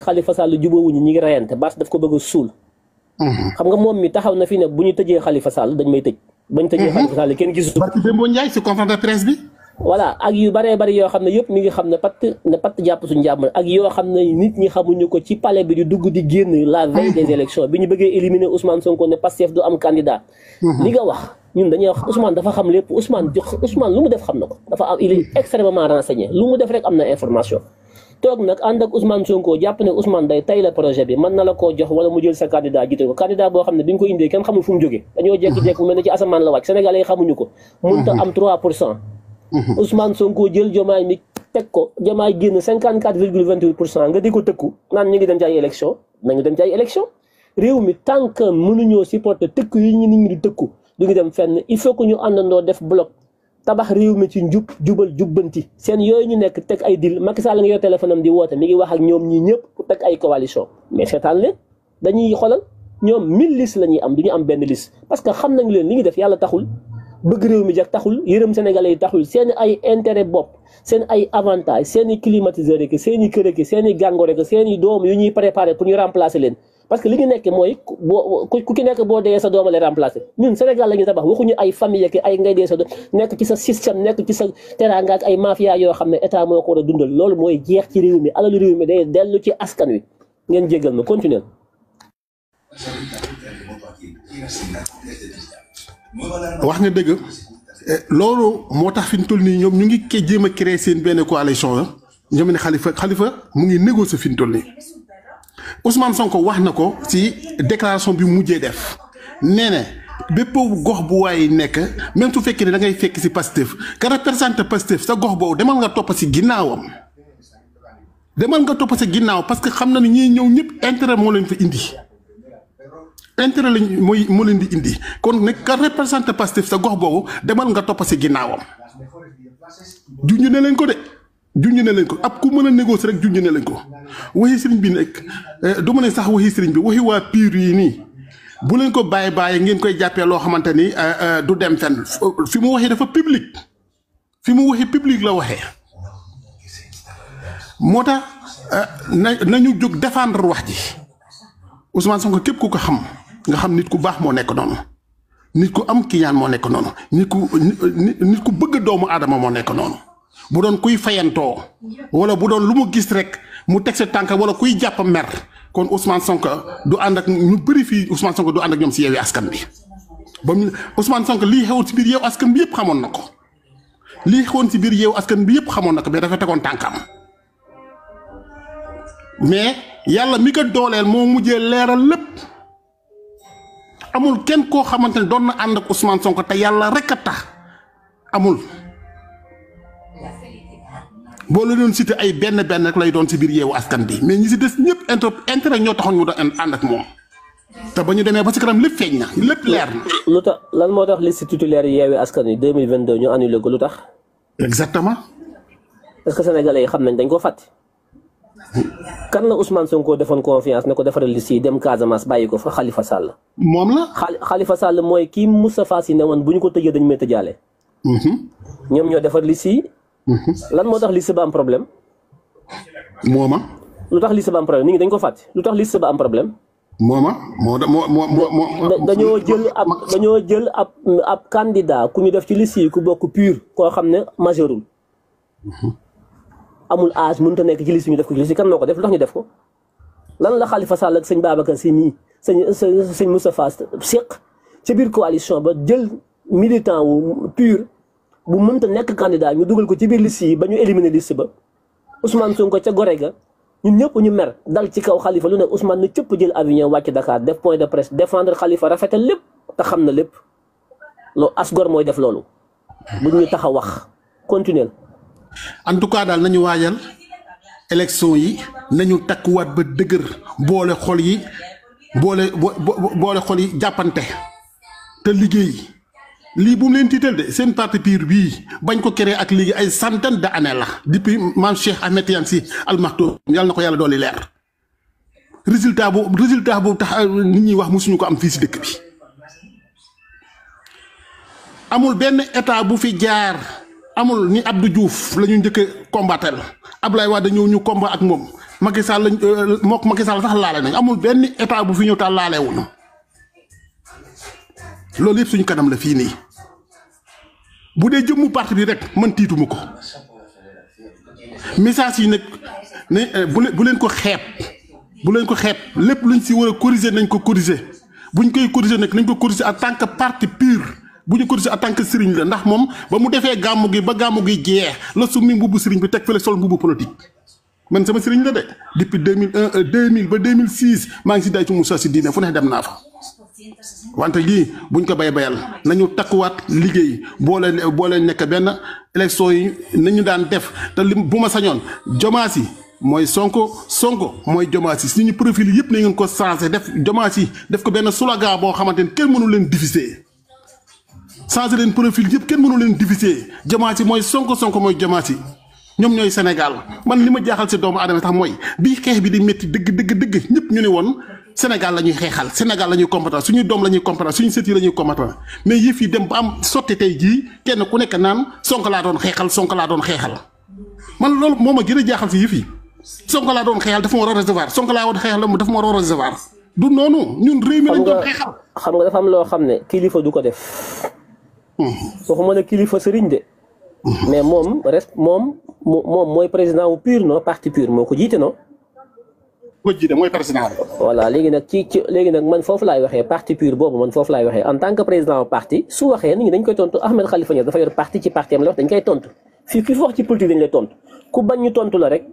Khalifa Sall jubóowuñu ñi ngi rayante Bass ko bëgg suul xam nga moom mi taxaw na fi ne bu ñu tëjee Khalifa Sall dañ may tëj bañ tëjee Khalifa mhm. Sall kenn gisu barki Dembo Ndiaye si conférence de bi voilà ak yu baree bari yoo xam ne yëpp mi ngi xam ne patt ne patt jàpp suñu jàmm ak yoo xam ne nit ñi xamuñu ko ci palais bi di dugg di génn la veille des mhm. élections bi ñu bëggee éliminer Ousmane Sonko ne Pastef du am candidat mhm. li nga wax ñun dañuy wax Ousmane dafa xam lépp Ousmane Ousmane lu mu def xam na ko dafa am il est extrêmement renseigné lu mu def rek am na information toog nag ànd ak Ousmane Sonko jàpp ne Ousmane day tay la projet bi mën na la koo jox wala mu jël sa candidat jiite ko candidat boo xam ne bi nga ko indee kenn xamuñu ko munta mhm. am 3 pour cent mhm. Ousmane Sonko jël jomaay mi teg ko jomaay génn pour cent nga di ko tëkku naan ñu ngi dem ci ay élection nañu dem ci ay élection réew mi tant que mënuñoo supporter tëkku yi ñu nit ñi di tëkku du ngi dem fenn il faut que ñu àndandoo def bloc tabax réew mi ci njub jubal jubbanti seen yooyu ñu nekk teg ay dil Macky Sall nga yor téléphone am di woote mi ngi wax ak ñoom ñi ñëpp pour teg ay coalition mais seetaan leen dañuy xoolal ñoom mille liste la ñuy am du ñu am benn liste parce que xam nañu leen li ñu def yàlla taxul bëgg réew mi jag taxul yërëm sénégalais yi taxul seen ay intérêt bopp seen ay avantage seeni i climatiseur rek seen i kër rek seen i gàngo rek seen i doom yu ñuy préparé pour ñu remplacer leen parce que li ñu nekk mooy boo ku ki nekk boo dee sa doom lay remplacer ñun Sénégal la ñuy tabax waxuñu ay famille ki ay ngay dee sa doom nekk ci sa système nekk ci sa teraanga ak ay mafia yoo xam ne état moo ko war a dundal loolu mooy jeex ci réew mi alalu réew mi day dellu ci askan wi ngeen jéggal ma continuer. wax nga dëgg eh, loolu moo tax fi ñu toll nii ñoom ñu ngi jéem a créer seen benn coalition ah. ñoom ne xalifa xalifa mu ngi négocier fi ñu toll nii. Ousmane Sonko wax na ko ci déclaration bi mujjee def nee na bépp gox bu waaye nekk même su fekkee ne da ngay fekk ci Pastef ka représenté Pastef sa gox boobu demal nga topp si ginnaawam. demal nga topp sa ginnaaw parce que xam na ne ñuy ñëw ñëpp intérêt moo leen fa indi intérêt lañ mooy moo leen di indi kon nag ka représenté Pastef sa gox boobu demal nga topp ci ginnaawam. juñu ne leen ko de. junj ne lañ ko ab ku mën a négocier rek junj ne lañ ko waxi sëriñ bi nekk eh, du ma ne sax waxi sëriñ bi waxi waa Pire yi nii bu leen ko bàyyi bàyyi ngeen koy jàppee loo xamante ni eh, eh, du dem fenn fi mu waxee dafa public fi mu waxee public la waxe moo tax na nañu jóg défendre wax ji Ousmane Sonko képp ku ko xam nga xam nit ku baax moo nekk noonu nit ku am kiyaan moo nekk noonu nit ku nit ku bëgg doomu aadama moo nekk noonu. bu doon kuy fayantoo wala bu doon lu mu gis rek mu teg sa tànk wala kuy jàpp mer kon Ousmane sonk du ànd ak ñu bëri fii Ousmane Sonko du ànd ak ñoom si yeewee askan bi ba mu Ousmane Sonko lii xewoon si biir yeewu askan bi yëpp xamoon na ko lii xewoon si biir yeewu askan bi yëpp xamoon na ko mais dafa tegoon tànkam mais yàlla mi ko dooleel moo mu mujjee leeral lépp amul kenn koo xamante ne doon na ànd ak Ousmane Sonko te yàlla rek a tax amul. boo la doon cité ay benn benn rek lay doon si biir yeewu askan bi mais ñi si des ñëpp inter intérêt ñoo taxoon ñu doon ànd ak moom te ba ñu demee ba si kanam lépp feeñ na lépp leer na. lu tax lan moo tax liste titulaire yeewu askan yi 2022 ñu annulé ko lu tax. exactement. est ce que sénégalais yi xam nañ dañ ko fàtte. kan la sun koo defoon confiance ne ko defaral liste yi dem Casamance bàyyi ko fa Khalifa Sall. moom la Khalifa Sall mooy kii Moustapha Sy ne woon bu ñu ko tëjee dañu may tëjaale. Mhm. ñoom ñoo defar liste yi Mhm. lan moo tax liste ba am problème. mooma. lu tax liste ba am problème nit dañ ko fàtte lu tax liste ba am problème. mooma moo moo dañoo jël ab dañoo jël ab ab candidat ku ñu def ci liste ku bokk pur koo xam ne majeurul. Mhm. amul âge mun te nekk ci liste ñu def ko ci liste kan moo ko def lu tax ñu def ko. lan la xalifa Sall ak sëñ Babacar si mii sëñ sëñ Moustapha Seck ci biir coalition ba jël militant wu pur. bu mënta nekk candidat ñu dugal ko ci biir liste yi ba ñu éliminer liste ba Ousmane ko ca gore ga ñun ñëpp ñu mer dal ci kaw Khalifa lu ne Ousmane na cëpp jël avion wàcc Dakar def point de presse défendre Khalifa rafetal lépp te xam na lépp loo as gor mooy def loolu bu ñu tax wax continuer en tout cas daal nañu waajal élection yi nañu takkuwaat ba dëgër boole xol yi boole boole xol yi jàppante te liggéey. lii bu leen tiital de seen parti PUR bii bañ ko créé ak léegi ay centaine d'années la depuis maam Cheikh Ahmed Tidiane Sy Al Maktoum yàlla na ko yàlla dooli leer résultat bu résultat boobu tax nit ñi wax mosuñu ko am fii si dëkk bi amul benn état bu fi jaar amul ni Abdou Diouf la ñu njëkk a combattre Abdoulaye Wade ñëw ñu combat ak moom Macky Sall lañ euh, mook Macky Sall sax laale nañ amul benn état bu fi ñëw taal laale wuñu loolu yëpp suñu kanam la fii nii. bu dee jëmmu parti bi rek man tiituma ko message yi nag ne eh, bu leen ko xeeb bu leen ko xeeb lépp luñ si war a corriger nañ ko corriger buñ koy corriger nag nañ ko corriger en tant que parti pur bu ñu corriger en tant que sëriñ la ndax moom ba mu defee gàmmu gi ba gàmmu gi jeex la summi mbubbu sëriñ bi teg fële sol mbubbu politique. man sama sëriñ la de depuis deux mille un euh, deux mille ba deux mille six maa ngi si day ci Moussa si diine fu ne dem naa fa. wante lii buñ ko bay bayal nañu takkuwaat liggéey boo leen boo nekk benn élection yi nañu daan def te li bu ma sañoon jomaas yi mooy sonk sonk mooy jomaas si suñu profil yëpp na ngeen ko changé def jomaas yi def ko benn slogan boo xamante ni kenn mënu leen diviser changé leen profil yëpp kenn mënu leen diviser jomaas yi mooy sonko sonko mooy jomaas yi ñoom ñooy Sénégal man li ma jaaxal si doomu aadama tax mooy bii xeex bi di métti dëgg dëgg dëgg ñëpp ñu ne woon Sénégal la ñuy xeexal Sénégal la ñuy combattre suñu doom la ñuy su suñu sët yi la ñuy combattre mais yëf yi dem ba am sotti tey jii kenn ku nekk naan Sonko laa doon xeexal Sonko laa doon xeexal man loolu moom ma gën a jaaxal si yëf yi Sonko laa doon xeexal dafa ma war a recevoir Sonko laa doon xeexal dafa ma war a recevoir du noonu ñun réew mi lañ doon xeexal. xam nga dafa am loo xam ne kilifa du ko def. soo hmm. waxuma ne kilifa sëriñ de. Hmm. mais moom moom moom mooy président wu PUR non parti PUR moo ko jiite non ko jiite mooy président bi. voilà léegi nag ci ci léegi nag man foofu laay waxee parti pur boobu man foofu laay waxee en tant que président parti su waxee nit ñi dañ koy tontu Ahmed Khalifa Niass dafa yor parti ci parti am la wax dañ koy tontu fii ki fi wax ci politique dañ lay tontu ku bañ tontu la rek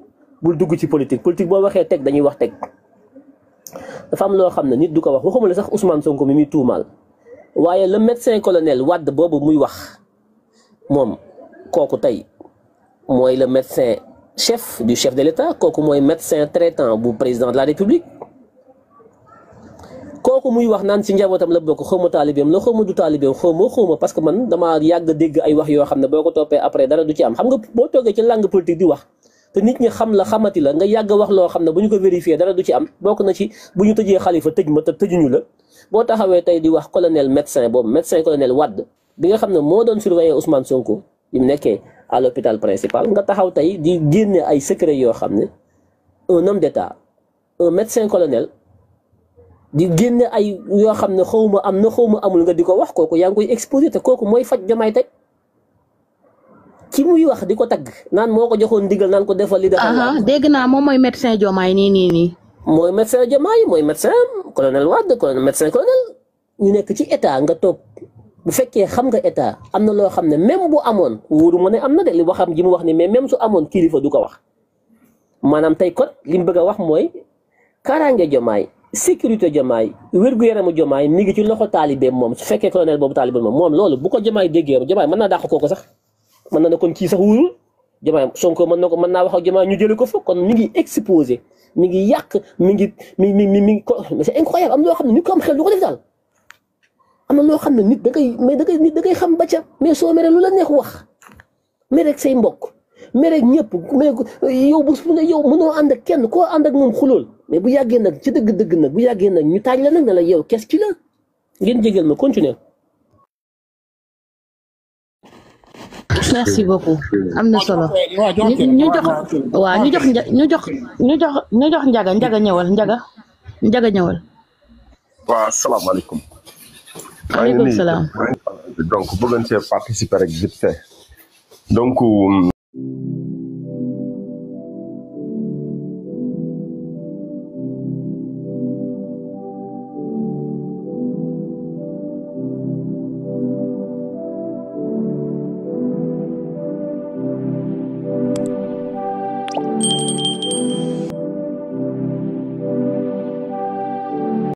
bul dugg ci politique politique boo waxee teg dañuy wax teg. dafa am loo xam ne nit du ko wax waxuma la sax Ousmane Sonko mi muy tuumaal waaye le médecin colonel Wade boobu muy wax moom kooku tey moo le médecin. chef du chef de l'État kooku mooy médecin traitant bu président de la République kooku muy wax naan ci njabootam la bokk xawma taalibeem la xawma du taalibeem xawma xawma parce que man damaa yàgg dégg ay wax yoo xam ne boo ko toppee après dara du ci am xam nga boo toogee ci langue politique di wax te nit ñi xam la xamati la nga yàgg wax loo xam ne bu ñu ko vérifier dara du ci am bokk na ci bu ñu tëjee xalifa tëj ma te tëjuñu la boo taxawee tey di wax colonel médecin boobu médecin colonel Wade bi nga xam ne moo doon surveiller Ousmane Sonko bi mu nekkee à l'hôpital principal nga taxaw tey di génne ay secret yoo xam ne un homme d'état un médecin colonel di génne ay yoo xam ne xawma am na xawma amul nga di ko wax kooku yaa ngi koy exposé te kooku mooy faj jamaay tey ki muy wax di ko tagg naan moo ko joxoon ndigal naan ko defal li dafa dégg naa moom mooy médecin jomaay nii nii nii mooy médecin jomaay mooy médecin colonel Wade colonel médecin colonel ñu nekk ci état nga toog bu fekkee xam nga état am na loo xam ne même bu amoon wóoru ma ne am na de li waxam ji mu wax ni mais même su amoon kilifa du ko wax maanaam tey kon li mu bëgg a wax mooy kaaraange jomaay sécurité jomaay wér-gu-yaramu jomaay mi ngi ci loxo taalibeem moom su fekkee colonel boobu taalibe moom moom loolu bu ko jomaay déggee jomaay mën naa dàq kooku sax mën na ne kon kii sax wóorul jomaay Sonko mën na ko mën naa wax ak jomaay ñu jële ko fa kon mi ngi exposé mi ngi yàq mi ngi mi mi mi mi c'est incroyable am loo xam ne ni ko am xel du ko def daal am loo xam ne nit da koy mais da koy nit xam ba ca mais soo mere lu la neex wax mere ak say mbokk mere ak ñëpp mais yow bu su ne yow mënoo ànd ak kenn koo ànd ak moom xulool mais bu yàggee nag ci dëgg-dëgg nag bu yàggee ñu taaj la nag ne la yow kes ce qui la ngeen jégal ma continuer. merci beaucoup am na solo ñu jox waaw ñu jox ñu jox ñu jox ñu jox njaga njaga ñëwal njaga njaga ñëwal. maaleykum salaam donc bëggoon see participer rek vite fait donc.